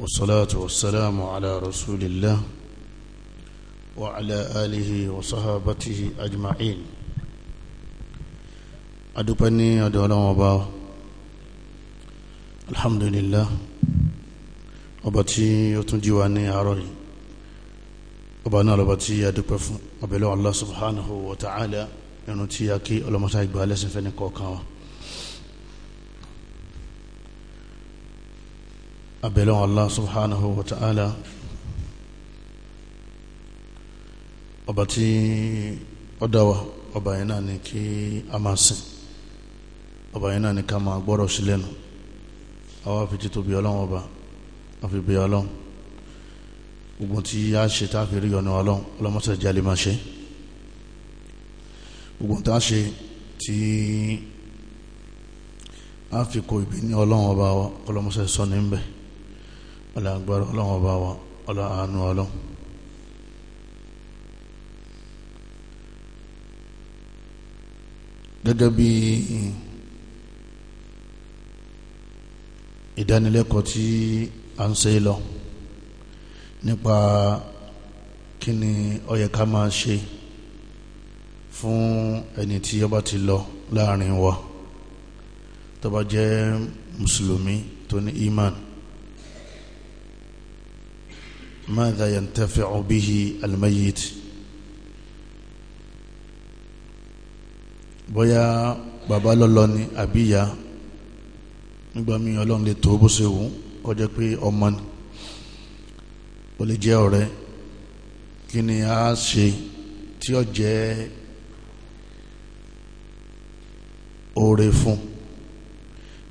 والصلاة والسلام على رسول الله وعلى آله وصحابته أجمعين أدبني أدولا وبا الحمد لله أبتي يتنجيواني عرري وبانا لبتي أدب أبلو الله سبحانه وتعالى ينتياكي ولمتاك بها لسن فنكوكاوا abẹ́lẹ́ Allah subhanahu wa ta'ala ọba tí ó dá wa ọba yẹn náà ni kí a máa sìn ọba yẹn náà ni ká máa gbọ́rọ̀ sí lẹ́nu àwọn àfijì tóbi ọlọ́run ọba àfibì ọlọ́run gbogbo tí a ṣe tá rí ọ̀nà ọlọ́run ọlọ́mọṣẹ́ jẹ́ lè máa ṣe gbogbo tá a ṣe tí a fi kó ìbí ní ọlọ́run ọba ọlọ́mọṣẹ́ sọ ní bẹ́ẹ̀ ọlá agbára ọlọ́run ọba wa ọlá àánú ọlọ́run gẹ́gẹ́ bí ìdánilẹ́kọ̀ọ́ tí a ń ṣe lọ nípa kí ni ó yẹ ká máa ṣe fún ẹni tí ó ti lọ láàrin wa tó jẹ́ mùsùlùmí tó ní iman ماذا ينتفع به الميت bóyá bàbá lọ́lọ́ ni àbí ìyá nígbà míì ọlọ́run lè tó bó ṣe wù ú kó jẹ́ pé ọmọ ni ó lè jẹ́ ọ̀rẹ́ kí ni a ṣe tí ó jẹ́ oore fún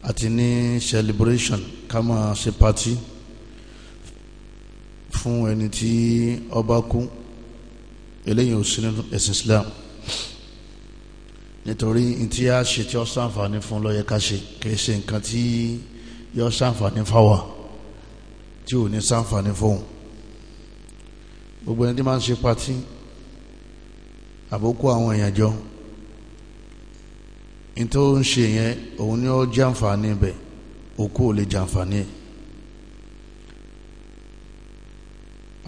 àti ní celebration ká máa ṣe party fún ẹni tí ọba kú eléyìí ò ẹ̀sìn Islam nítorí tí a ṣe tí ó ṣàǹfààní fún ló yẹ ká ṣe kìí ṣe nǹkan tí yóò ṣàǹfààní fáwa tí ò ní ṣàǹfààní fóun gbogbo ẹni tí máa ń ṣe patí àbókù àwọn èèyàn jọ ní tó ń ṣe yẹn òun ni ó jàǹfààní ibẹ̀ òkú ò lè jàǹfààní ẹ̀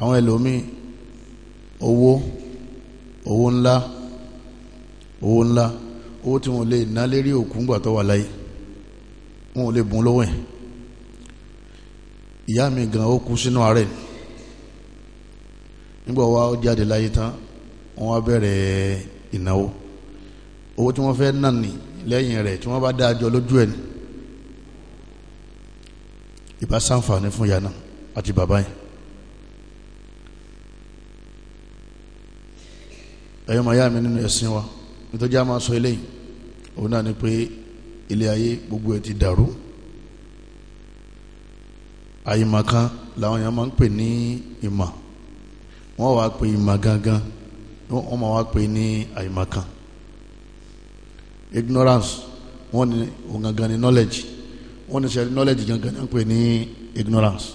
àwọn ẹlòmíì owó owó ńlá owó ńlá owó tí wọn lè ná lérí òkú ńgbà tó wà láyé wọn ò lè bùn lọ́wọ́ ẹ̀ ìyá mi gan ó kú sínú àárẹ̀ nígbà wa ó jáde láyé tán wọn wá bẹ̀rẹ̀ ìnáwó owó tí wọ́n fẹ́ nà ní lẹ́yìn rẹ̀ tí wọ́n bá dáa lójú ẹ̀ ní ìbá ṣàǹfààní fún ìyá náà àti bàbá yẹn ẹ̀yọ́ máa yá mi nínú ẹ̀sìn wa nítorí a máa sọ eléyìí òun náà ni pé ilé ayé gbogbo ẹ̀ ti dàrú àyìnmọ̀ kan làwọn èèyàn máa ń pè ní ìmọ̀ wọ́n wá pè ìmọ̀ gangan wọ́n máa wá pè ní àyìnmọ̀ kan ignorance wọ́n ní òun gangan ní knowledge wọ́n ní sẹ́ni knowledge gangan ní pè ní ignorance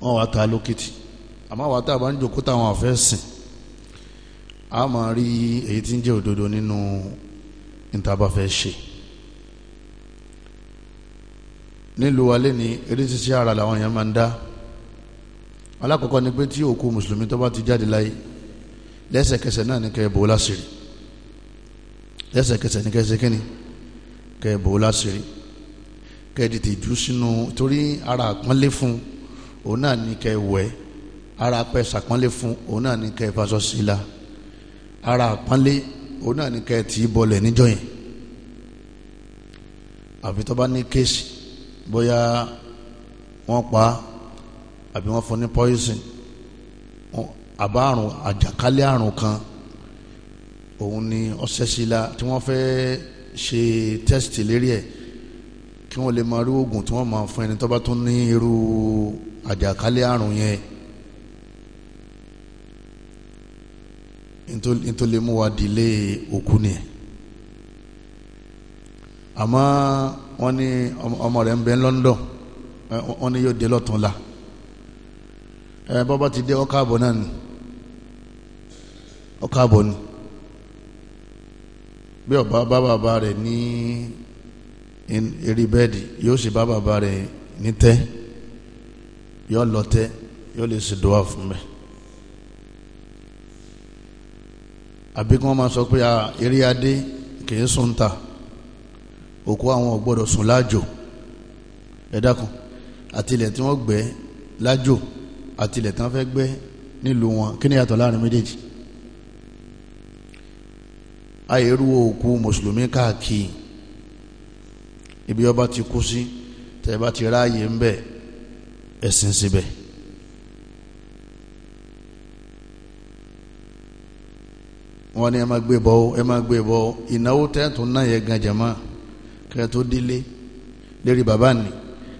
wọ́n wá ta lókìtì àmọ́ wàá tá a táwọn àfẹ́ sìn a máa rí èyí tí ń jẹ́ òdodo nínú ìtàbàfẹ́ ṣe nílùú wa lẹ́ni eré ṣíṣe ara làwọn èèyàn máa ń dá alákọ̀ọ́kọ́ ni pé tí òkú mùsùlùmí tó bá ti jáde láyé lẹ́sẹ̀kẹsẹ̀ náà ni kẹ́ ẹ bò ó láṣìírí lẹ́sẹ̀kẹsẹ̀ ni kẹ́ ẹ ṣe kíni kẹ́ ẹ bò ó láṣìírí kẹ́ ẹ tètè jù sínú torí ara àpọ́nlé fún òun náà ni kẹ́ ẹ wẹ̀ ara pẹ́ sàpọ́nlé fún òun náà ni kẹ́ ẹ faṣọ sí i la ara àpánlé òun náà ní kẹ́ ẹ tì í bọlẹ̀ níjọ́ yẹn àfi tó bá ní kéèsì bóyá wọ́n pa àbí wọ́n fún ní poison àbárùn àjàkálẹ̀ àrùn kan òun ni ọ̀sẹ̀síla tí wọ́n fẹ́ ṣe test lérí ẹ̀ kí wọ́n lè máa rí oògùn tí wọ́n máa fún ẹni tó ní irú àjàkálẹ̀ àrùn yẹn nítorí lè mú wa dìlé òkú ni àmọ́ wọ́n ní ọmọ rẹ̀ ń bẹ London wọ́n ní yóò dé lọ́tún la ẹ bọ́bá ti dé ọkọ̀ àbọ̀ náà ni ọkọ̀ àbọ̀ ni bí ọba bá bàbá rẹ̀ ní eré bẹ́ẹ̀dì yóò sì bá rẹ̀ ní tẹ́ yóò lọ tẹ́ yóò lè ṣèdọ́wà fún bẹ́ẹ̀. àbí kí wọ́n máa sọ pé eré adé kìí sùn ta òkú àwọn ò gbọ́dọ̀ sùn lájò ẹ dákun àtìlẹ̀ tí wọ́n gbẹ́ lájò àtìlẹ̀ tí wọ́n fẹ́ gbẹ́ nílùú wọn kí ni yàtọ̀ láàrin méjèèjì ayérú òkú mùsùlùmí káàkiri ibi ọba ti kú sí tẹ́ bá ti ráàyè ń bẹ̀ ẹ̀sìn síbẹ̀. Si wọ́n ní ẹ máa gbé bọ́ ẹ máa gbé bọ́ ìnáwó tẹ́tù náà yẹ gan jẹ̀mọ́ kẹ́ tó délé lérí bàbá ni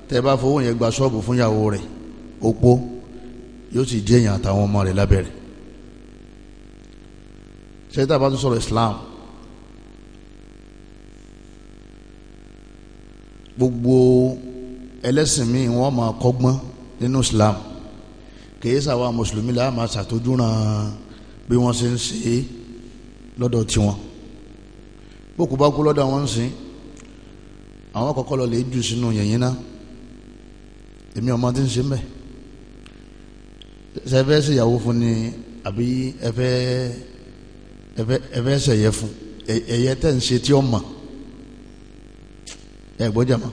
tẹ́ bá fowó yẹn gba ṣọ́ọ̀bù fún ìyàwó rẹ̀ opó yóò sì jẹ́ èèyàn àtàwọn ọmọ rẹ̀ lábẹ́rẹ̀ sẹ́yìntà bá tún sọ̀rọ̀ Islam gbogbo ẹlẹ́sìn míì wọ́n máa kọ́gbọ́n nínú Islam kì í sàwọn mùsùlùmí la máa ṣàtọ́jú ràn bí wọ́n ṣe ń ṣe é lọ́dọ̀ tiwọn bókù bá kú lọ́dọ̀ àwọn ń sìn àwọn àkọ́kọ́ lọ lè jù sínú yẹ̀yìn náà èmi ọmọ tí ń ṣe mbẹ ṣe fẹ́ ṣèyàwó fún ni àbí ẹfẹ́ ẹfẹ́ ṣẹ̀yẹ fún ẹ̀yẹ tẹ̀ ń ṣe tí ó mọ̀ ẹ̀ gbọ́jà mọ́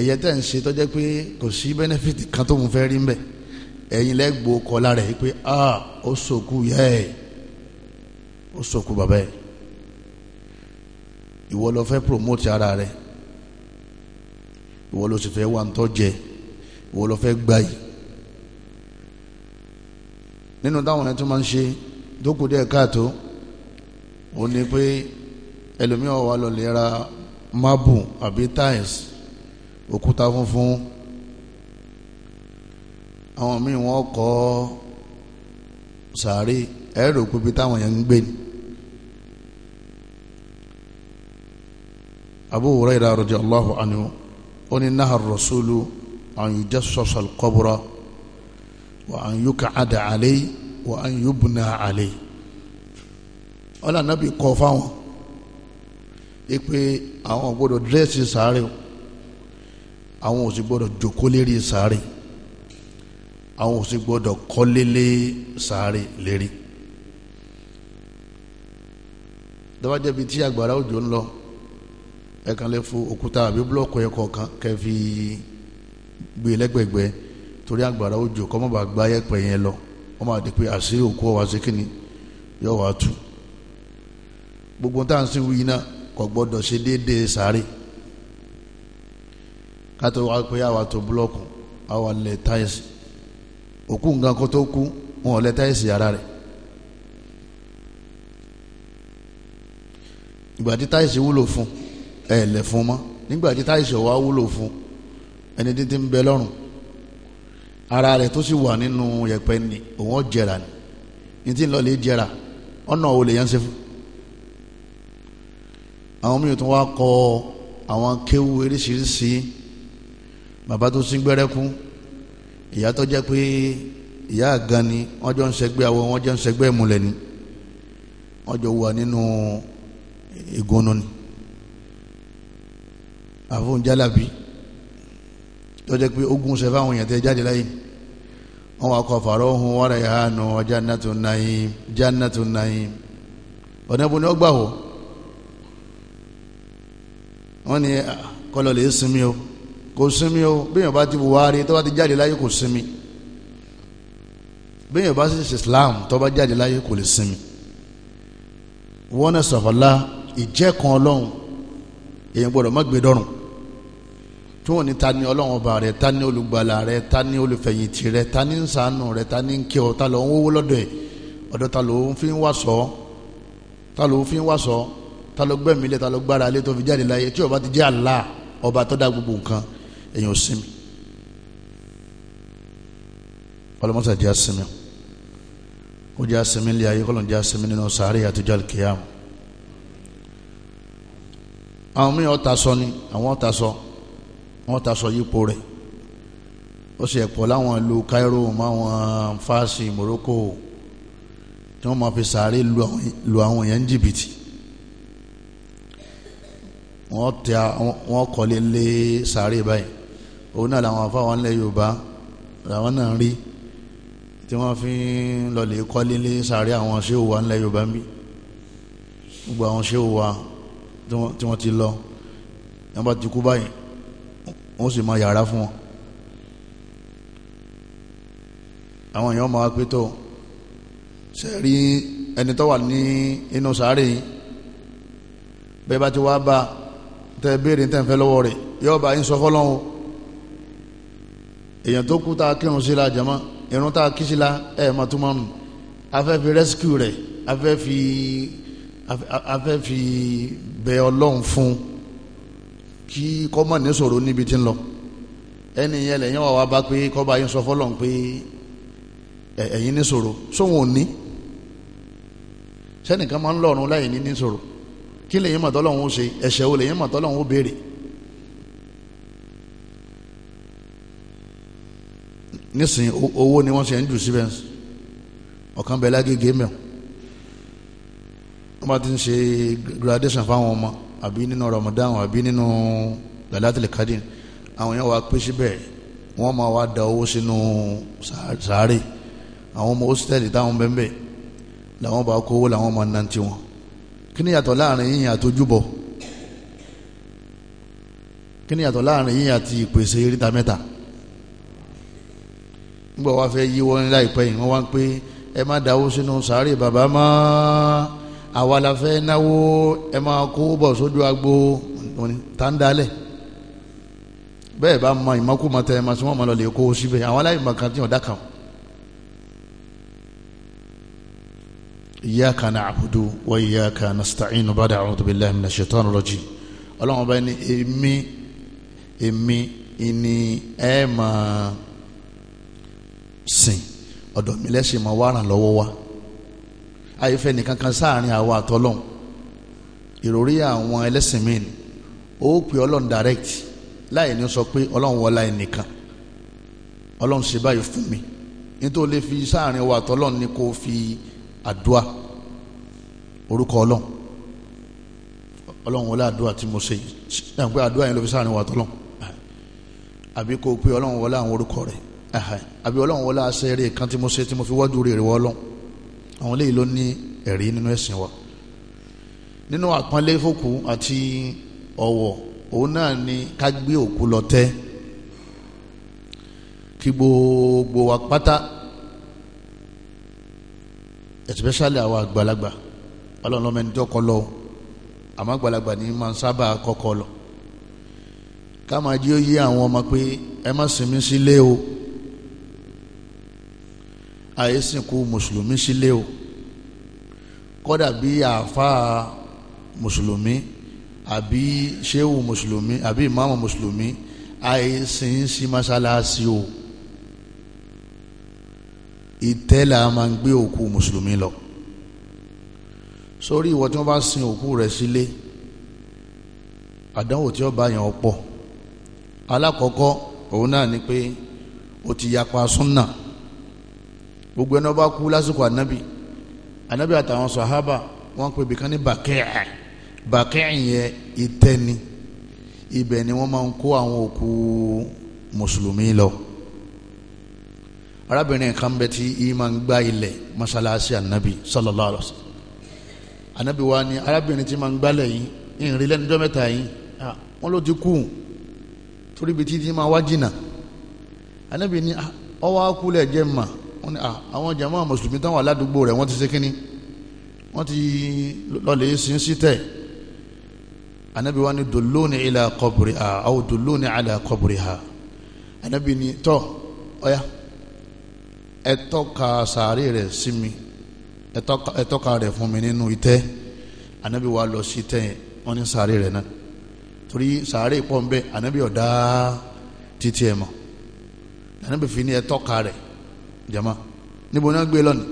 ẹ̀yẹ tẹ̀ ń ṣe tó pé kò sí bẹ́nẹ́fìtì kan tó ń fẹ́ rí mbẹ ẹ̀yin lẹ́gbọ̀ọ́ kọ́ lára ẹ̀ pé a ah, ó sòkú yẹ́ ẹ̀ ó sọkú bàbá ẹ̀ ìwọ ló fẹ́ promote ara rẹ ìwọ ló sì fẹ́ wà ń tọ́jẹ ìwọ ló fẹ́ gbà yìí nínú táwọn ẹ̀ tó máa ń ṣe dókòó díẹ̀ káàtó ó ní pé ẹlòmíràn wà lọ́lẹ́ ra mábù àbí tiles òkúta funfun àwọn míì wọ́n kọ́ sàárè ẹ̀rọ pípẹ́ táwọn yẹn ń gbé ni abu huraira radiyallahu anhu ó ní naha rasulu an yujassasa alqabra wa an yuk'ada alayhi wa an yubna alayhi ọlá nàbí kọ fáwọn ipe àwọn gbọ́dọ̀ dírẹ́sì sáré o àwọn ò sì gbọ́dọ̀ jòkó lérí sáré àwọn ò sì gbọ́dọ̀ sáré lérí dábàjẹ́ tí àgbàrá òjò ń lọ ẹ kàn lè fo òkúta àbí búlọ́ọ̀kù ẹ kọ̀ọ̀kan kẹ́ fi gbé e lẹ́gbẹ̀gbẹ́ torí àgbàrá òjò kọ́ mọ́ bá gbá yẹ̀pẹ̀ yẹn lọ wọ́n máa di pé àṣírí òkú ọ̀wá sí kínní yóò wá tú gbogbo táwọn sì wí náà kò gbọ́dọ̀ ṣe déédéé sáré kátó wá pé àwa tó búlọ́ọ̀kù àwa lẹ̀ táyẹ̀sì òkú nǹkan kó tó kú wọn ò lẹ̀ táyẹ̀sì ara rẹ̀ ìgbà tí táyẹ̀sì wúlò fún un ẹ lẹ fún mọ́ nígbà tí táìsì wa wúlò fún ẹni tí ti ń bẹ lọ́rùn ara rẹ̀ tó sì wà nínú yẹ̀pẹ̀ ni òun ọ̀jẹ̀rà ni ní tí ń lọ lè jẹ̀rà ọ̀nà wo lè yẹn ṣe fún. àwọn míràn tó wá kọ àwọn kéwú eríṣiríṣi bàbá tó sín gbẹ́rẹ́kún ìyá tó jẹ́ pé ìyá àgan ni wọ́n jọ ń ṣẹgbẹ́ àwọn wọ́n jọ ń ṣẹgbẹ́ ìmùlẹ̀ ni wọ́n jọ wà nínú ìgúnnu ni àfọ̀n jálàbí tọ́jẹ́ pé ogun ṣe fáwọn èèyàn tẹ́ jáde láyé wọ́n wá kọ fàárọ̀ ohun wọ́n rẹ̀ ha nù jannatu na'im jannatu na'im ọ̀nà ìbò ni ó gbà wọ́ wọ́n ní ah, kọlọ̀ lè sinmi o kò sinmi o bíyàn bá ti buhari tó bá ti jáde láyé kò sinmi bíyàn bá sì ṣe islam tó bá jáde láyé kò lè sinmi wọ́n náà sọ̀fọ̀lá ìjẹ́ kan ọlọ́run èèyàn gbọ́dọ̀ má gbé dọ́rùn tí ní ta ni ọlọ́run ọba rẹ̀ ta ni olùgbàlà rẹ̀ ta ni olùfẹ̀yìntì rẹ̀ ta ni nsàánù rẹ̀ ta ni nkẹ́ ọ ta ló ń wówó lọ́dọ̀ ẹ̀ ọ̀dọ̀ ta ló ń fi ń wá sọ ta ló ń fi ń wá sọ ta ló gbẹ̀mí lẹ̀ ta ló gbára lé tó fi jáde láyé tí ọba ti jẹ́ Allah ọba tó gbogbo nǹkan èèyàn ò sinmi jẹ́ àsinmi ó jẹ́ àsinmi ilé ayé kọ́lọ́n jẹ́ àsinmi nínú sàárè àtijọ́ kìíyàmù àwọn míì ọ̀tá wọ́n ta sọ yípo rẹ̀ ó sì ẹ̀pọ̀ láwọn ìlú Cairo máwọn fásì Morocco tí wọ́n máa fi sàárè lu àwọn èèyàn jìbìtì wọ́n tẹ wọ́n kọ́lé lé sàárè báyìí òun náà làwọn afáwọn ilẹ̀ Yorùbá làwọn náà rí tí wọ́n fi ń lọlé kọ́lé lé sàárè àwọn ṣéwò wa ilẹ̀ Yorùbá mi gbogbo àwọn ṣéwò wa tí wọ́n ti lọ wọ́n ti kú báyìí wọ́n sì máa yàrá fún wọn àwọn èèyàn máa pé tó ṣe rí ẹni tó wà ní inú sàárè yìí bẹ́ẹ̀ bá ti wá bá tẹ béèrè tẹ́ ń fẹ́ lọ́wọ́ rẹ̀ yóò bá yín sọ fọ́lọ́hún èèyàn tó kú tá a kírun sí la jama irun tá a kí sí la ẹ̀ máa tún nù afẹ́ fi rescue rẹ̀ afẹ́ fi afẹ́ fi bẹ ọlọ́run fún un kí kọ́mọ̀ ní sọ̀rọ̀ níbi tí ń lọ ẹni yẹn lẹ́yìn wà wá bá pé kọ́ba yín sọ fọ́lọ̀ pé ẹ̀yin ní sọ̀rọ̀ sóhun ò ní sẹ́nìkan máa ń lọ́rùn láì ní ní sọ̀rọ̀ kí lẹ́yìn mọ̀ tọ́lọ́hún ó ṣe ẹ̀ṣẹ̀ wo lẹ́yìn mọ̀ tọ́lọ́hún ó béèrè nísìnyí owó ni wọ́n ṣe ń jù síbẹ̀ ọ̀kan bẹ̀ lágége mẹ́wọ̀n wọ́n bá ti ń ṣe graduation fáwọn ọmọ àbí nínú Ramadan àbí nínú lalatul kadir àwọn yẹn wà pé síbẹ̀ wọ́n máa wá da owó sínú sàárè àwọn ọmọ hostel táwọn bẹ́ẹ̀ làwọn bá kó owó làwọn máa nantí wọn kí ni yàtọ̀ láàrin yìnyín àtojúbọ kí ni yàtọ̀ láàrin yìnyín àti ìpèsè eréta mẹ́ta nígbà wàá fẹ́ yí wọn láìpẹ́ yìí wọ́n wá ń pé ẹ má dáwó sínú sàárè bàbá máa àwa la fẹ́ náwó ẹ máa kó bọ̀ sójú agbo tàǹdálẹ̀ bẹ́ẹ̀ bá ma ìmọ̀kùmọ̀ tẹ ẹ ma sọ wọn ma lọ lè kó síbẹ̀ àwọn aláìmọ̀ kan ti hàn dákà iyyaka na'budu wa iyyaka nasta'inu ba'da a'udhu billahi minash shaitani rajim ọlọ́run bá ní èmi èmi ìní ẹ máa sìn ọ̀dọ̀ mi lẹ́sìn máa wá ràn lọ́wọ́ wa àyẹ̀fẹ́ nìkan kan sáàrin àwa àtọ́lọ́hún ìròrí àwọn ẹlẹ́sìn míì ni ó pè ọlọ́run direct láì ní sọ pé ọlọ́run wọlá ẹnìkan ọlọ́run ṣe báyìí fún mi nítorí lè fi sáàrin àwa àtọ́lọ́hún ni kò fi àdúà orúkọ ọlọ́run ọlọ́run wọlé àdúrà tí mo ṣe yàn pé àdúrà yẹn ló fi sáàrin wa tọ́lọ́n àbí kò pé ọlọ́run wọlé àwọn orúkọ rẹ̀ àbí ọlọ́run wọlé àṣẹ eré kan tí mo ṣe tí mo fi wọ́jú rere wọ́ ọlọ́run àwọn eléyìí ló ní ẹ̀rí nínú ẹ̀sìn wa nínú àpọ́nlé fòkú àti ọ̀wọ̀ òun náà ni ká gbé òkú lọ tẹ́ kí gbogbo wa pátá especially àwọn àgbàlagbà ọlọ́run lọ́mọ ẹni tí ọkọ lọ àmọ́ àgbàlagbà ni máa ń sábà kọ́kọ́ lọ ká máa jí ó yé àwọn ọmọ pé ẹ má sinmi sílé o. Si àyèsìnkú mùsùlùmí sílé o kọ́dà bí àáfàá mùsùlùmí àbí ṣéwù mùsùlùmí àbí ìmáàmù mùsùlùmí àyèsìn sí mọ́ṣáláṣí o ìtẹ́lẹ̀ a máa ń gbé òkú mùsùlùmí lọ sórí ìwọ tí wọ́n bá sin òkú rẹ̀ sílé àdánwò tí ó bá yàn ọ́ pọ̀ alákọ̀ọ́kọ́ òun náà ni pé o ti yapa súnà. gbogbo ẹni ọba kú lásìkò anabi anabi àtàwọn sahaba wọn pè bìkan ní bàkẹ́ẹ̀ bàkẹ́ẹ̀ yẹn ìtẹ́ni ibẹ̀ ni wọ́n máa ń kó àwọn òkú mùsùlùmí lọ arábìnrin kan bẹ tí yìí máa ń gbá ilẹ̀ masalasi anabi sallallahu alayhi wa anabi wa ni arábìnrin tí máa ń yìí ìrìn lẹ́nu mẹ́ta yìí wọ́n ló ti kú torí ibi títí máa wá jìnnà anabi ni ọwọ́ jẹ́ wọ́n ní ah, àwọn jàmáà mùsùlùmí táwọn aládùúgbò rẹ̀ wọ́n ti ṣe kínní wọ́n ti lọ́lẹ̀ sin sítẹ̀ anabi wa ni dulluni ila qabri ha aw dulluni ala qabri ha anabi ni tọ́ ọ̀ya ẹ tọ́ka sàárè rẹ̀ sí mi ẹ tọ́ka rẹ̀ fún mi nínú ìtẹ́ anabi wa lọ sí tẹ́ wọ́n ní sàárè rẹ̀ náà torí sàárè pọ̀ ń bẹ́ anabi ọ̀dá títí ẹ̀ mọ̀ anabi fi ni ẹ tọ́ka rẹ̀ jama níbo náà gbé lọ́nà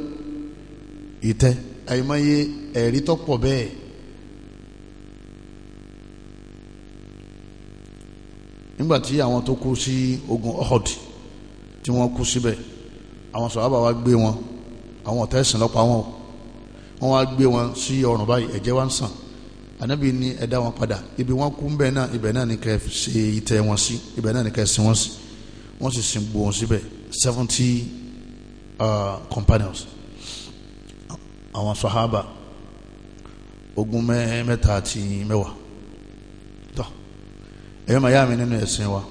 ìtẹ́ àìmọye ẹ̀rí tọ́pọ̀ bẹ́ẹ̀ nígbàtí àwọn tó kú sí ogun Uhud tí wọ́n kú síbẹ̀ àwọn sọ̀rọ̀ wa gbé wọn àwọn ọ̀tá ẹ̀sìn lọ́pàá wọn wọ́n wá gbé wọn sí ọrùn báyìí ẹ̀jẹ̀ wá ń sàn ànábì ní ẹ dá wọn padà ibi wọn kú ńbẹ náà ibẹ̀ náà ní kẹ́ ṣe ìtẹ́ wọn sí ibẹ̀ náà ní kẹ́ sin wọn sí wọ́n sì sin gbó wọn síbẹ̀ seventy uh, companions àwọn sahaba ogun mẹ́ta àti mẹ́wàá tọ́ ẹ̀yọ́ màá yá mi nínú ẹ̀sìn wa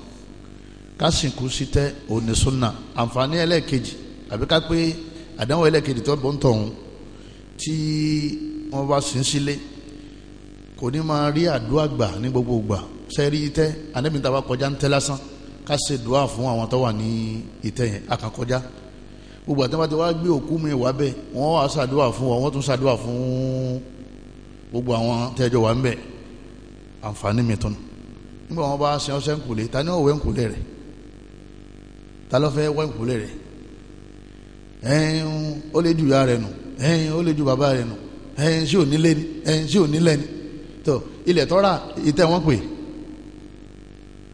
ká sìnkú sí tẹ́ òní súnà àǹfààní ẹlẹ́ẹ̀kejì àbí ká pé àdánwò ẹlẹ́ẹ̀kejì tó bọ́ ń tọ̀hún tí wọ́n bá sin sílé kò ní máa rí àdúrà gbà ní gbogbo gbà sẹ́rí tẹ́ anẹ́bìnrin tá bá kọjá ń tẹ́ lásán ká ṣe dùá fún àwọn tó wà ní ìtẹ́ yẹn gbogbo àti wọn ti wá gbé òkú mi wá bẹ́ẹ̀ wọ́n wá ṣàdúrà fún ọ wọ́n tún ṣàdúrà fún gbogbo àwọn tẹ́jọ wà ń bẹ̀ àǹfààní mi tún nígbà wọn bá ṣe ọṣẹ ńkùlé ta ni òwe ńkùlé rẹ ta ló fẹ́ wá ńkùlé rẹ ẹ̀ẹ́n ó lè ju ìyá rẹ nù ẹ̀ẹ́n ó lè ju bàbá rẹ nù ẹ̀ẹ́n sí ònílé ni ẹ̀ẹ́n sí ònílé ni tó ilẹ̀ tọ́ra ìtẹ̀ wọn pè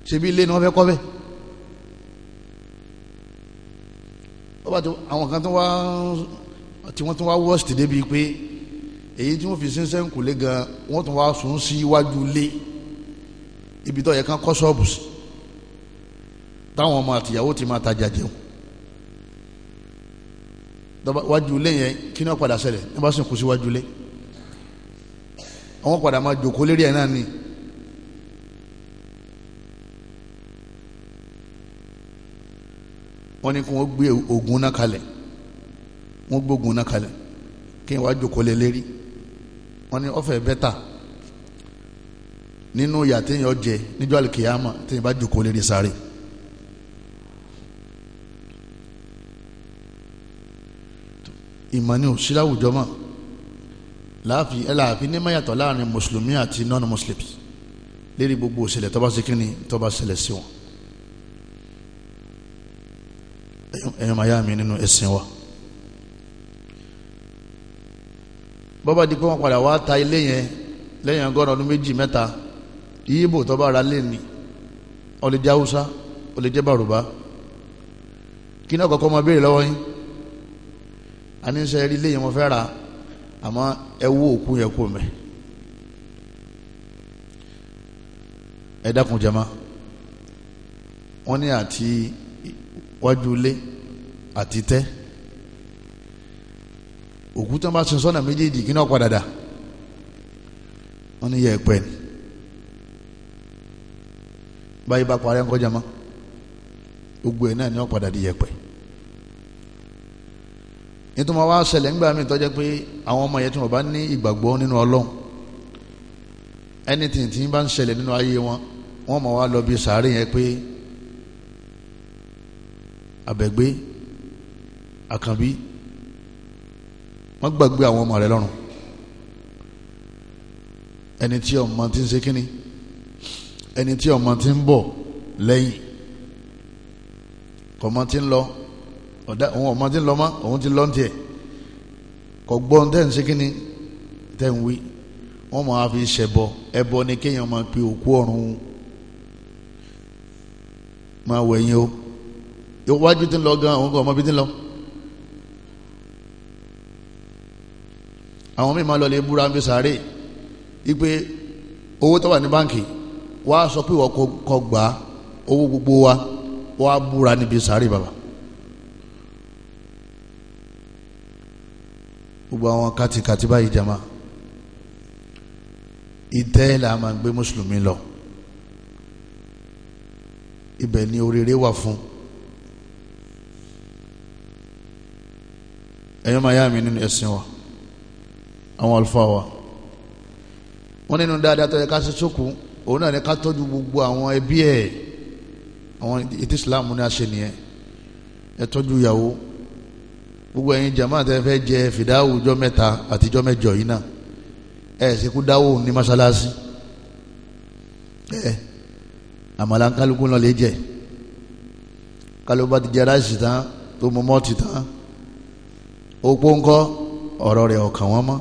ṣebí ilé ni wọ́n fẹ́ kọ́ bẹ́ẹ̀. ó bá ti àwọn kan tó wá tí wọ́n tó wá wọ́ọ̀sì débi pé èyí tí wọ́n fi sínsẹ́ ń kùlé gan wọ́n tó wá sùn sí iwájú ilé ibi tó yẹ kán kọ́ ṣọ́ọ̀bù sí táwọn ọmọ àtìyàwó ti máa tajà jẹun wájú ilé yẹn kí ni wọ́n padà ṣẹlẹ̀ ní wọ́n bá sì kú sí wájú ilé àwọn padà máa jòkó lérí ẹ̀ náà ni. wọ́n ní kí wọ́n gbé ogun náà kalẹ̀ wọ́n gbé ogun náà kalẹ̀ kí wọ́n á jòkó lé lérí wọ́n ní ọ̀fẹ́ bẹ́tà nínú ìyà téèyàn jẹ níjọ́ àlùkìyàmà téèyàn bá jòkó lérí sáré. ìmọ̀ni ò sí láwùjọ mọ́ láàfin ẹ láàfin ní mayàtọ̀ láàrin mùsùlùmí àti non-muslims lérí gbogbo òṣèlè tó bá ṣe kí ni sí wọn. ẹ̀yọ́ màá yá mi nínú ẹ̀sìn wa. bọ́bá di pé wọ́n padà wá ta ilé yẹn lẹ́yìn ọgọ́rùn ọdún méjì mẹ́ta yíbò tó bá ra lé ní ó lè jẹ́ haúsá ó lè jẹ́ bàrùbá kí náà kọ́kọ́ máa béèrè lọ́wọ́ yín a ní sẹ́ ilé yẹn mo fẹ́ ra àmọ́ ẹ wó òkú yẹn kú mẹ́ ẹ dákun jama wọ́n ní àti wájú ilé àti tẹ́ òkú tí wọ́n bá sun sọ́nà méjèèjì kí náà padà dà wọ́n ní yẹ ẹ̀pẹ́ ni báyìí bá parí ẹ̀kọ́ jama gbogbo ẹ̀ náà ni wọ́n padà di yẹ nítorí wọn wá ṣẹlẹ̀ ńgbà mí pé àwọn ọmọ yẹn tí wọ́n ní ìgbàgbọ́ nínú ọlọ́run anything tí bá ń ayé wọn wọ́n mọ̀ wá lọ bí sàárè yẹn pé àbẹ̀gbé àkànbí wọ́n gbàgbé àwọn ọmọ rẹ̀ lọ́rùn ẹni tí ọmọ ti ń ṣe kínní ẹni tí ọmọ ti ń bọ̀ lẹ́yìn kọ̀mọ́ ti ń lọ ọ̀dà òun ọmọ ti ń lọ mọ́ òun ti lọ ń tiẹ̀ kọ̀ gbọ́n tẹ́ ń ṣe kínní tẹ́ ń wí wọ́n máa fi ṣẹ̀bọ ẹbọ ni kéèyàn máa pe òkú ọ̀run máa wẹ̀yìn o iwájú ti ń lọ gan àwọn kan ọmọ bíi ti ń lọ. àwọn míì máa lọ lè búra ń fi sàárè wípé owó tó wà ní báǹkì wàá sọ pé ìwọ kọ gbà owó gbogbo wa wàá búra níbi sàárè bàbá gbogbo àwọn kàtìkàtì báyìí jama ìtẹ́ là máa ń gbé mùsùlùmí lọ ibẹ̀ ni oríire wà fún ẹ̀yọ́ máa yá mi nínú ẹ̀sìn wa àwọn àlùfáà wa wọ́n nínú dáadáa tó yẹ ká ṣe sókù òun náà ní ká tọ́jú gbogbo àwọn ẹbí ẹ̀ àwọn ètò Islam ní àṣẹ nìyẹn ẹ tọ́jú ìyàwó gbogbo ẹ̀yin jama tẹ́ fẹ́ jẹ fìdáwò jọ mẹ́ta àti jọ mẹ́jọ yìí náà ẹ ṣe kú dáwò ní mọ́ṣáláṣí ẹ àmàlà kálukú náà lè jẹ kálukú bá ti jẹ ráìsì tán tó mú mọ́ọ̀tì tán ó pọ́ńkọ́ ọ̀rọ̀ rẹ̀ ọ̀kàn wọn mọ́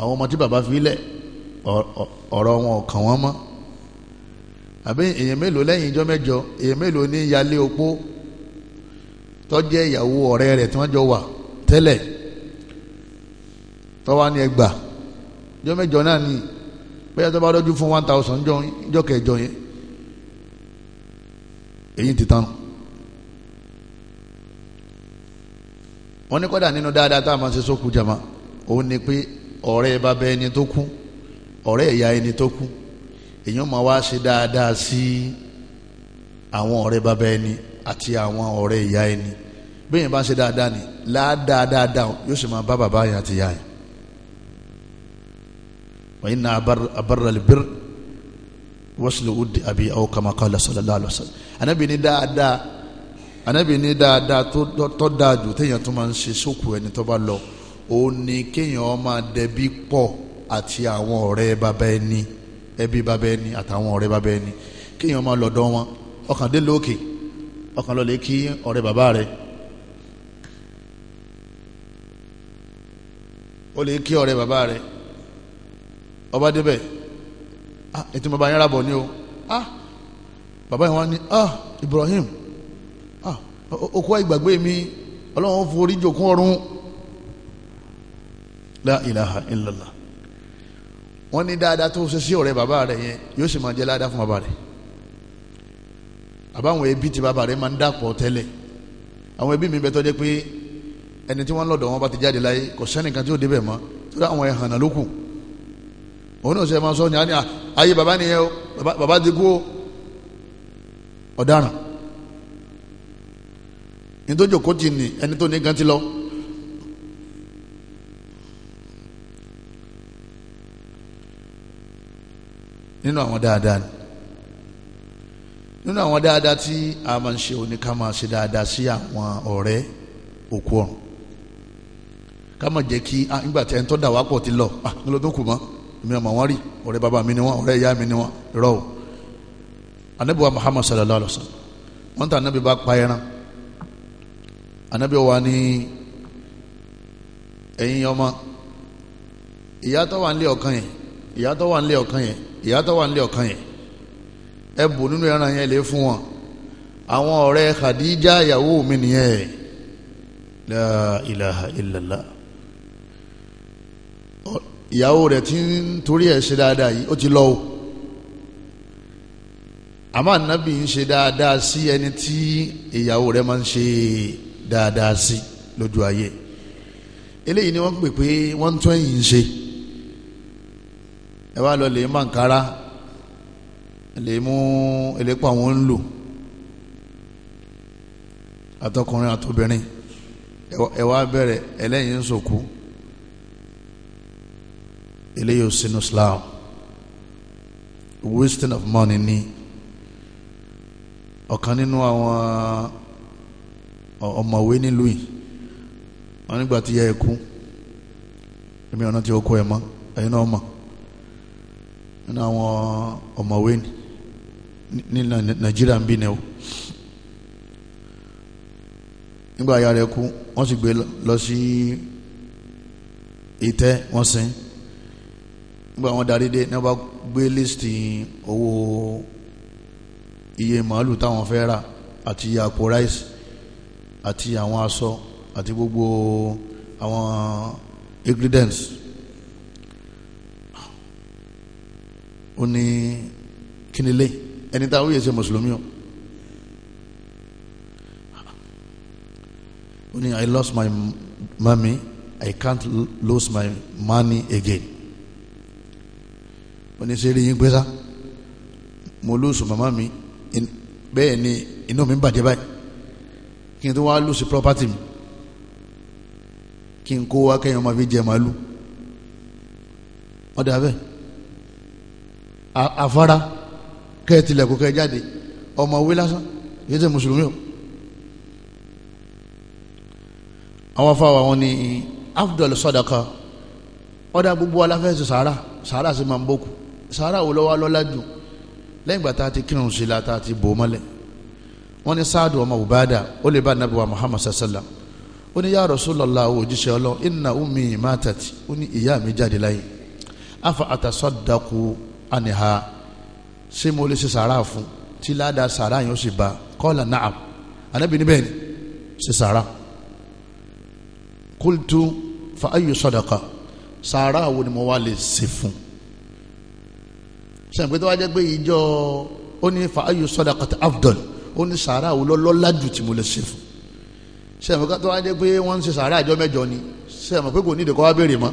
àwọn ọmọ tí bàbá fi lẹ̀ ọ̀rọ̀ wọn kàn wọ́n mọ́ àbí èèyàn mélòó lẹ́yìn ìjọ mẹ́jọ èèyàn mélòó ní yalé opó tọ́jẹ́ ìyàwó ọ̀rẹ́ rẹ̀ tí wọ́n jọ wà tẹ́lẹ̀ tọ́wá ní ẹgbà ìjọ mẹ́jọ náà ni bẹ́ẹ̀ tó bá dọ́jú fún one thousand ìjọ kẹjọ yẹn èyí ti tán. wọ́n ní kọ́dà nínú dáadáa tá a máa ṣe sókù jama òun ni pé ọ̀rẹ́ bàbá ẹni tó kú ọ̀rẹ́ ìyá ẹni tó kú èèyàn máa wá ṣe dáadáa sí àwọn ọ̀rẹ́ bàbá ẹni àti àwọn ọ̀rẹ́ ìyá ẹni bẹ́ẹ̀ bá ń ṣe dáadáa ni láàdáa dáadáa yóò sì máa bá bàbá yẹn àti ìyá yẹn. wa inna abarra albir waslu ud abi aw kama kala sallallahu alaihi wasallam anabi ni dáadáa anabi ni dáadáa tó dáa jù téèyàn tó máa ń ṣe sókù ẹni tó bá lọ òun ni kéèyàn máa dẹbi pọ̀ àti àwọn ọ̀rẹ́ bàbá ẹni ẹbí bàbá ẹni àtàwọn ọ̀rẹ́ bàbá ẹni kéèyàn máa lọ́dọ̀ wọn ọkàn dé lókè ọkàn lọ lè kí ọ̀rẹ́ bàbá rẹ̀ ó lè kí ọ̀rẹ́ bàbá rẹ̀ ọba débẹ̀ ah ètò bàbá yẹn rábọ̀ ni o ah bàbá yẹn wá ní ah Ibrahim ah okó ìgbàgbé mi ọlọ́run forí jòkó ọ̀run la ilaha illallah wọ́n ní dáadáa tó ṣe sí ọ̀rẹ́ bàbá rẹ̀ yẹn yóò sì máa jẹ́ ládàá fún bàbá rẹ̀ àbáwọn ẹbí tí bàbá rẹ̀ máa ń dàpọ̀ tẹ́lẹ̀ àwọn ẹbí mi bẹ tọ́jú pé ẹni tí wọ́n lọ́dọ̀ wọn bá ti jáde láyé kò sẹ́nìkan tí ó débẹ̀ mọ́ tó dá àwọn ẹ̀hànà ló kù òun náà ṣe máa sọ ní ah, ayé bàbá nìyẹn o bàbá ti kú ọ̀daràn ní tó jòkó ti nì ẹni tó ní gan ti nínú àwọn dáadáa ni nínú àwọn dáadáa tí a máa ń ṣe òní ká máa ṣe dáadáa sí àwọn ọ̀rẹ́ òkú ọ̀run ká má jẹ́ kí ah, nígbà tí ẹni tó dà wá pọ̀ ti lọ ah, ní ló tó kù mọ́ èmi ọmọ wọn rí ọ̀rẹ́ bàbá mi ni wọn ọ̀rẹ́ ìyá mi ni wọn rọ o anabiwa Muhammad sallallahu alaihi wa sallam wọn tà anabi bá pa ẹran anabi wa ni ẹ̀yin ọmọ ìyá tó wà nílé ọ̀kan yẹn ìyá tó wà nílé ọ̀kan yẹn ìyá tó wà nílé ọ̀kan yẹn ẹ bù nínú ẹran yẹn lè fún wọn àwọn ọ̀rẹ́ Khadija ìyàwó mi nìyẹn la ilaha illallah ìyàwó rẹ̀ ti ń torí ẹ̀ ṣe dáadáa yìí ó ti lọ o àmọ́ ànábì ń ṣe dáadáa sí ẹni tí ìyàwó rẹ̀ máa ń ṣe dáadáa sí lójú ayé eléyìí ni wọ́n pè pé wọ́n ń ṣe ẹ wá lọ lè má nkárá lè mú elépa wọn ń lò àtọkùnrin àtobìnrin ẹ wá bẹ̀rẹ̀ ẹlẹ́yìn ń sòkú eléyìí ò sínú Islam wasting of money ni ọ̀kan nínú àwọn ọ̀mọ̀wé nílùú yìí wọn nígbà tí yẹ ẹ kú èmi ọ̀nà tí ó kó ẹ mọ́ ẹ̀yin náà mọ̀ nínú àwọn ọ̀mọ̀wé ní nàìjíríà ń bí ni o nígbà ayá rẹ̀ kú wọ́n sì gbé lọ sí ìtẹ́ wọ́n sin nígbà wọ́n darí dé ní wọ́n bá gbé lísìtì owó iye màálù táwọn fẹ́ rà àti àpò ráìsì àti àwọn aṣọ àti gbogbo àwọn ingredients ó ní kínílé ẹni tá a wúyẹ ṣe mùsùlùmí o ó ní I lost my mommy I can't lose my money again ó ní sẹ́rí yín pé sá mo lóòsùn màmá mi bẹ́ẹ̀ ni inú mi ń bàjẹ́ báyìí kí n tó wá lóòsùn property mi kí n kó wá kẹ́yìn ọmọ fi jẹ màálù ọ̀dà bẹ́ẹ̀ afárá kẹ́ ẹ tilẹ̀kùn kẹ́ ẹ jáde ọmọ òwe lásán yìí tẹ mùsùlùmí o. àwọn afáwà wọn ni afdol sọdaka ọ̀dà gbogbo aláfẹ́sẹ̀ sàárà sàárà sì máa ń bọ́kù sàárà wo lọ́wọ́ lọ́la jù lẹ́yìn ìgbà tá a ti kírun sí la tá a ti bò ó mọ́lẹ̀ wọ́n ní sáàdù ọmọ Ubada ó lè bá nàbẹ̀wá Muhammad sallam ó ní ya Rasulullah òjíṣẹ́ ọlọ́ inna ummi matat ó ní ìyá mi jáde láyé afa atasaddaqu aniha ṣé mo lè ṣe sàrà fún tí ládàá sàrà yẹn ó sì bá kọ́là naam anabi níbẹ̀ ni ṣe sàrà kultu fa ayu sadaqa sàrà wo ni mo wá lè ṣe fún sẹ́yìn pé tó wá jẹ́ pé ìjọ ó ní fa ayu sadaqa ti afdol ó ní sàrà wo lọ́lọ́lá jù tí mo lè ṣe fún sẹ́yìn pé wá jẹ́ pé wọ́n ń ṣe sàrà mẹ́jọ ni sẹ́yìn pé kò ní ìdíkọ́ wá béèrè mọ́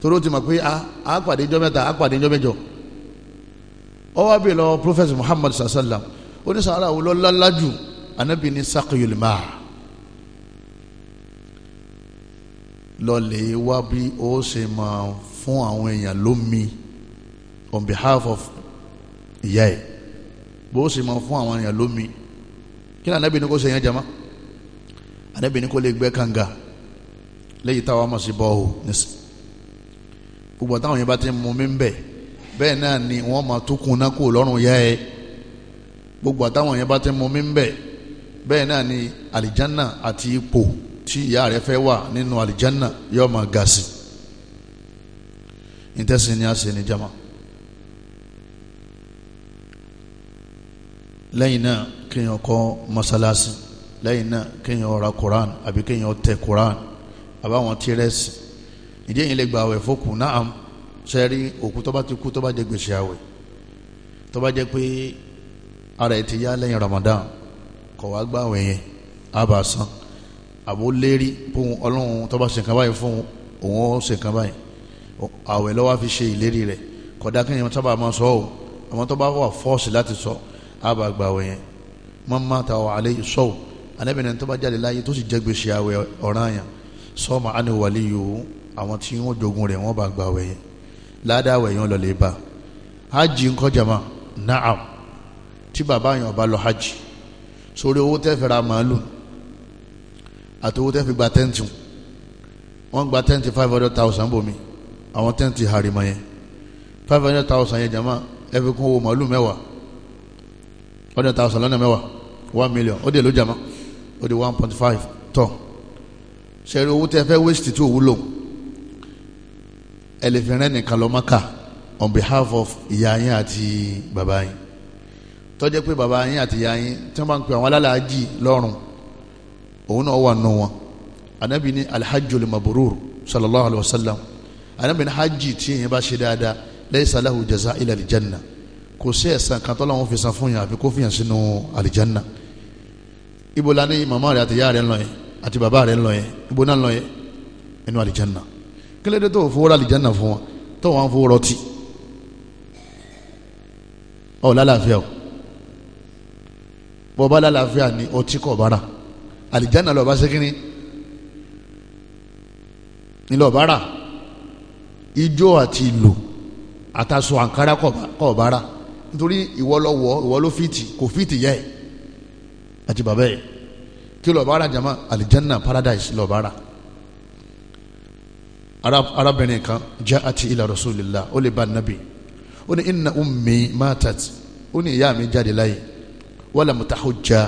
torí ó ti a pàdé ìjọ mẹ́ta a pàdé ìjọ mẹ́jọ ọwọ́ bíi lọ prọfẹsì muhammadu sallam onísàárà wo lọ lálàjù anabi ní sakiyul ma lọlẹ̀ bí ó ṣe máa fún àwọn èèyàn lómi on behalf of ìyá ẹ̀ bó ṣe máa fún àwọn èèyàn lómi kí ni anabi ní kó ṣe yẹn jama anabi ní kó lè gbẹ́ kànga lẹ́yìn táwa mọ̀ sí bọ́ọ̀hù nísìnyí gbogbo àtàwọn yẹn bá ti mú mi ń bẹ́ẹ̀ náà ni wọ́n máa tún kun náà kó lọ́rùn yá ẹ gbogbo àtàwọn yẹn bá ti mú mi ń bẹ̀ bẹ́ẹ̀ náà ni àlìjánà àti ipò tí ìyá rẹ fẹ́ wà nínú àlìjánà yóò máa ga sí i ìtẹ́sìn ni a ṣe ní jama. lẹ́yìn náà kéèyàn kọ́ mọ́sálásí lẹ́yìn náà kéèyàn ra koran àbí kéèyàn tẹ koran àbáwọn tírẹ́sì ìdí èyí lè gba àwẹ̀ fókun náà sẹ́rí òkú tó bá ti kú tó bá jẹ gbèsè àwẹ̀ tó bá jẹ pé ara ẹ̀ ti yá lẹ́yìn Ramadan kọ̀ wá gbà àwẹ̀ yẹn àbá san àbó lérí fún ọlọ́run tó bá ṣe nǹkan báyìí fún òun ó ṣe nǹkan báyìí àwẹ̀ ló wá fi ṣe ìlérí rẹ̀ kódà kí ni sábà máa sọ ọ́ àwọn tó bá wà fọ́ọ̀sì láti sọ àbá gbà àwẹ̀ yẹn mọ́mọ́ àtàwọn àlẹ́ yìí sọ̀wọ́ anábìnrin tó bá jáde láyé tó sì jẹ gbèsè àwẹ̀ ọ̀ranyàn sọ́ọ̀mà ánìwálé yòó àwọn tí wọ́n jogun rẹ̀ wọ́n bá gbà àwẹ̀ yẹn ládàáwọ̀ èèyàn lọ lè bá hajj ń kọjá ma naam tí bàbá yẹn ọba lọ hajj sórí owó tẹ́fẹ̀ ra màálù àti owó tẹ́fẹ̀ gba tẹ́ǹtì wọ́n gba tẹ́ǹtì five hundred thousand bomi àwọn tẹ́ǹtì harima yẹn five hundred thousand yẹn jama ẹ fi kún owó màálù mẹ́wàá hundred thousand lọ́nà mẹ́wàá one million ó dé ló jama ó dé one point five tọ́ sẹ́rí owó tẹ́fẹ̀ waste tí ò wúlò ẹlẹ́fẹ̀rẹ́ nìkan lọ Mákà on behalf of ìyá yín àti bàbá yín tó jẹ́ pé bàbá yín àti ìyá yín tí wọ́n bá ń pè àwọn alálàájì lọ́rùn òun náà wà nù wọn anabi ní alhajj olùmọ̀bùrúurù sallallahu alayhi wa sallam anabi ní hajj tí èèyàn bá ṣe dáadáa laysa lahu jaza ila aljanna kò sí ẹ̀san kan tó lọ́wọ́ fi san fún yàn àfi kó fìyàn sínú aljanna ibo la ní màmá àti ìyá rẹ̀ lọ yẹn àti bàbá rẹ̀ lọ yẹn ibo lọ yẹn inú aljanna kílódé tó fowó ra àlìjáná fún wọn tó wọn fowó rọtì ọ̀ lálàáfíà o bọ́ọ̀ bá lálàáfíà ni ọtí kọ̀ bára àlìjáná lọ́ọ́ bá sékínní nílò bára ijó àti ìlò àtàsọ àǹkárá kọ̀ bára nítorí ìwọ lọ wọ ìwọ ló fìtì kò fìtì yẹ àti bàbá yẹ kí lọ́ọ́ bára jama àlìjáná paradise lọ́ọ́ bára arábìnrin kan ja'at ila rasulillah ó lè bá nàbì ó ní inna ummi matat ó ní ìyá mi jáde láyé wala mutahujja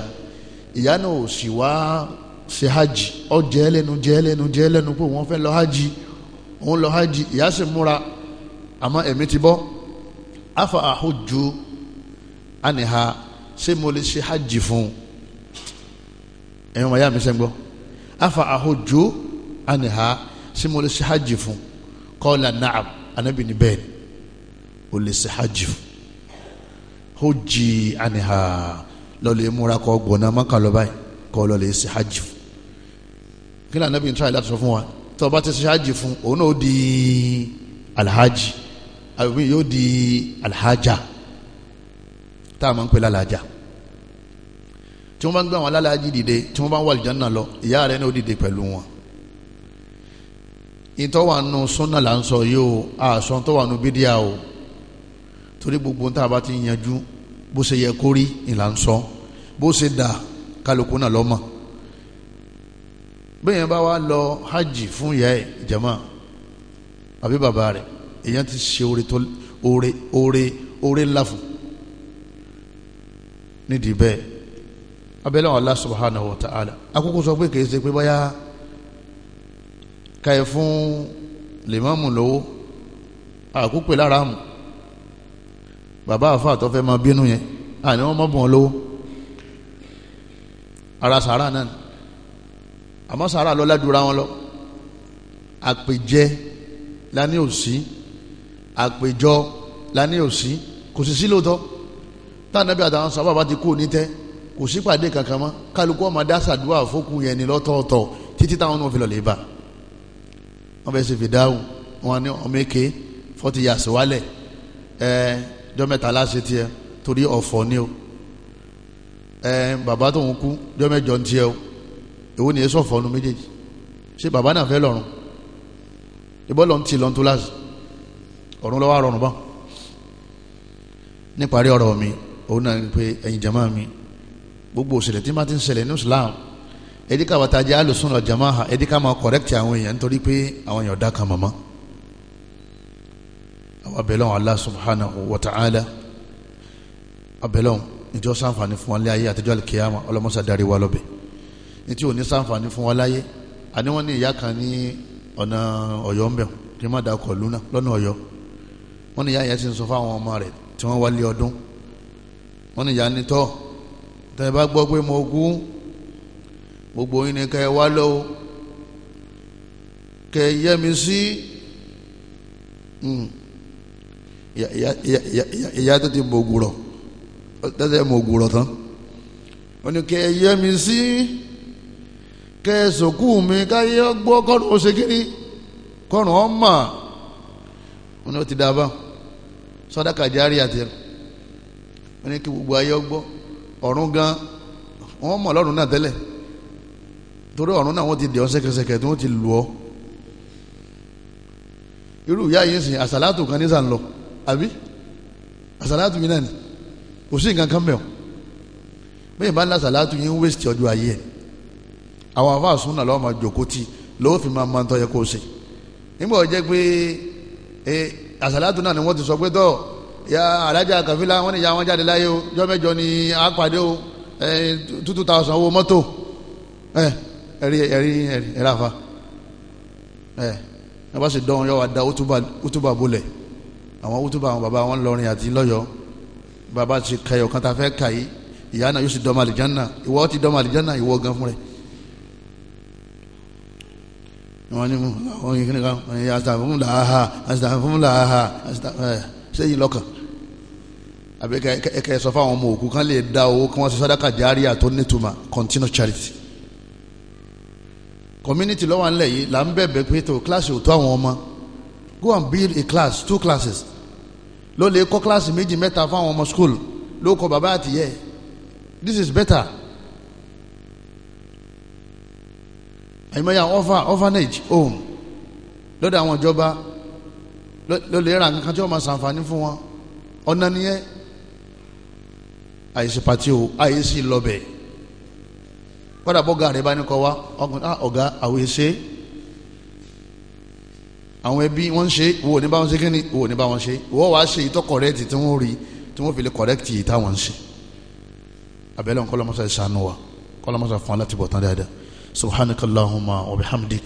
ìyá náà ò sì wá ṣe hajj ọ jẹ́ lẹ́nu jẹ́ lẹ́nu jẹ́ lẹ́nu pé wọ́n fẹ́ lọ hajj òun lọ hajj ìyá sì múra àmọ́ ẹ̀mí ti bọ́ afa ahujju aniha ṣé mo lè ṣe hajj fún ẹ̀yin ọmọ ìyá mi sẹ́ gbọ́ afa ahujju aniha ṣé mo lè ṣe hajj fún kọ́ọ̀lá naam anabi ni bẹ́ẹ̀ ni o lè ṣe hajj fún ó jì àníhà lọ́ọ̀lẹ́ múra kọ́ gbọ̀nà mọ́kà lọ́ba yìí kọ́ lọ́ọ̀lẹ́ ṣe hajj fún kí ni anabi n tíra láti sọ fún wa tó o bá ti ṣe hajj fún òun náà ó di alhaji àbí yóò di alhaja tá a máa ń pè lálàájá tí wọ́n bá ń gbé àwọn alálàájì dìde tí wọ́n bá ń wà lìjánná lọ ìyá rẹ̀ náà ó dìde pẹ̀lú wọn ìtọ́wà nù súnà là ń sọ yìí o àṣọ tọ́wà nù bídíà o torí gbogbo tá a bá ti yanjú bó ṣe yẹ kó rí ìlà ń sọ bó ṣe dà kálukú náà lọ́mọ bẹ́ẹ̀ yẹn bá wá lọ hajj fún ìyá ẹ̀ jama àbí bàbá rẹ̀ èèyàn ti ṣe oore tó oore oore oore ńlá fún nídìí bẹ́ẹ̀ abẹ́lẹ́ Allah subhanahu wa ta'ala akókó sọ pé kì í ṣe pé báyà káyẹ fún lèmọ́mù lówó àkúpè lára mù bàbá àfa àtọ́fẹ́ máa bínú yẹn àní wọ́n mọ́ bùn wọn lówó ara sàárà náà àmọ́ sàárà lọ ládùúrà wọn lọ àpèjẹ lání òsì àpèjọ lání òsì kò sì sí lóòótọ́ táànàbí àtàwọn sábà bá ti kú òní tẹ́ kò sí pàdé kankan mọ́ kálukú ọmọ dá fókun yẹn ni lọ́tọ̀ọ̀tọ̀ títí táwọn náà fi lọ lè bá a wọ́n fẹ́ ṣe fìdáhùn wọ́n ní ọmọ èké fọ́tí yàsí wálẹ̀ ẹ jọ́ mẹ́ta láṣẹ tiẹ̀ torí ọ̀fọ̀ ni o ẹ bàbá tó ń kú jọ́ mẹ́jọ ń tiẹ̀ o èwo ni èso ọ̀fọ̀ nu méjèèjì ṣé bàbá náà fẹ́ lọ́rùn ìbọ́ lọ́n ti lọ́n tó láṣẹ ọ̀run lọ́wọ́ àrọ̀rùn bá níparí ọ̀rọ̀ mi òun náà ni pé ẹ̀yin jàmáà mi gbogbo òṣèlè tí má ti ń ṣẹlẹ̀ ní Islam Edika ká wàtá jẹ́ alùsùn lọ jamaha ẹdí ká máa kọ̀rẹ́kìtì àwọn èèyàn nítorí pé àwọn kan mọ́mọ́ àwọn abẹ́lẹ́ wọn Allah subhanahu wa ta'ala abẹ́lẹ́ wọn ìjọ sáǹfààní fún wa lé ayé àtijọ́ alikiyama ọlọ́mọṣà darí wa lọ́bẹ̀ ní tí ò ní sáǹfààní fún wa láyé àní wọ́n ní ìyá kan ní ọ̀nà ọ̀yọ́ ńbẹ̀ kí n má dàkọ̀ lúnà lọ́nà ọ̀yọ́ wọ́n ní ìyá yẹn ti ń sọ fáwọn ọmọ rẹ̀ tí wọ́n wá lé ọdún bá gbọ́ pé mo gún gbogbo yín ni kẹ́ ẹ wá lọ́wọ́ kẹ́ ẹ yẹ́ mi sí hmm. ìyá tó ti mọ ògùrọ̀ tẹ́tẹ́ mọ ògùrọ̀ tán wọ́n ní kẹ́ ẹ yẹ́ mi sí kẹ́ ẹ sòkú mi káyé gbọ́ kọ́nù ó ṣe kiri kọ́nù ọ́ mà wọ́n ní ó ti dábàá sàdáká járí àti ẹ̀ wọ́n ní kí gbogbo ayé gbọ́ ọ̀run gan wọ́n mọ̀ lọ́run náà tẹ́lẹ̀ torí ọ̀run náà wọ́n ti dẹ̀ ọ́ sẹ́kẹsẹkẹ tí wọ́n ti lù ọ́ irú ìyá yìí sìn àsàlátù kan ní sàn lọ àbí àsàlátù yìí náà ni kò sí nǹkan kan mẹ́ o bẹ́ẹ̀ bá ń la àsàlátù yìí ń wéṣítì ọjọ́ ayé ẹ̀ àwọn afáà súnà lọ́wọ́ máa jòkó tí lọ́wọ́ fi máa máa ń tọ́yẹ kó o ṣe nígbà wọ́n jẹ́ pé àsàlátù náà ni wọ́n ti sọ pé tọ́ ya alájà kàfílà wọ́n ní ìyá wọn jáde láyé o jọ́ ni àpàdé o two thousand owó mọ́tò ẹ̀rí ẹ̀rí ẹ̀rí afa ẹ̀ ẹ̀ bá sì dán yọ wà da útúbà bolẹ̀ àwọn útúbà àwọn bàbá wọn lọrin àti lọ́yọ̀ bàbá ti kẹyọ̀ kan tá a fẹ́ ìyá náà yóò sì dọ́mọ àlìjánà ìwọ ti dọ́mọ àlìjánà ìwọ gan fún rẹ̀ wọn ni wọn yìí kíni kan wọn yìí asitafumula aha asitafumula aha sẹ́yìn lọ́kàn àbí ẹ kẹ ẹ sọ fún àwọn ọmọ òkú kan lè da owó kí wọ́n ti sàdáká járíà tó nítumọ̀ continue charity community lọ́wọ́ ńlẹ̀ yìí là ń bẹ̀bẹ̀ pé tó kíláàsì ò tó àwọn ọmọ go and build a class two classes ló lè kọ́ class méjì mẹ́ta fún àwọn ọmọ school ló kọ bàbá àtìyẹ this is better àyìnbáyà orphan orphanage home lọ́dọ̀ àwọn ìjọba ló lè ra nǹkan tí wọ́n máa ṣàǹfààní fún wọn ọ̀nà nìyẹn àìsí pàtí o àìsí lọ́bẹ̀ẹ́ kọ́dà bọ́gà rẹ̀ bá ní kọ́ wá ọkùnrin ah ọ̀gá àwọn èsè àwọn ẹbí wọ́n ń ṣe wo ní bá wọn ṣe kíni wo ní bá wọn ṣe wọ́n wá ṣe ìtọ́ kọ̀rẹ́ẹ̀tì tí wọ́n rí tí wọ́n fi lè kọ̀rẹ́ẹ̀tì yìí táwọn ń ṣe abẹ́lẹ́ wọn kọ́lọ́mọ́sá ìṣàánú wa kọ́lọ́mọ́sá fún aláti bọ̀ tán dáadáa subhanakallahumma wa bihamdik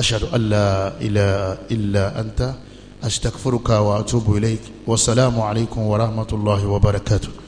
ashhadu an la ilaha anta astaghfiruka wa atubu ilayk wasalaamu alaykum wa rahmatulahi wa barakatuh.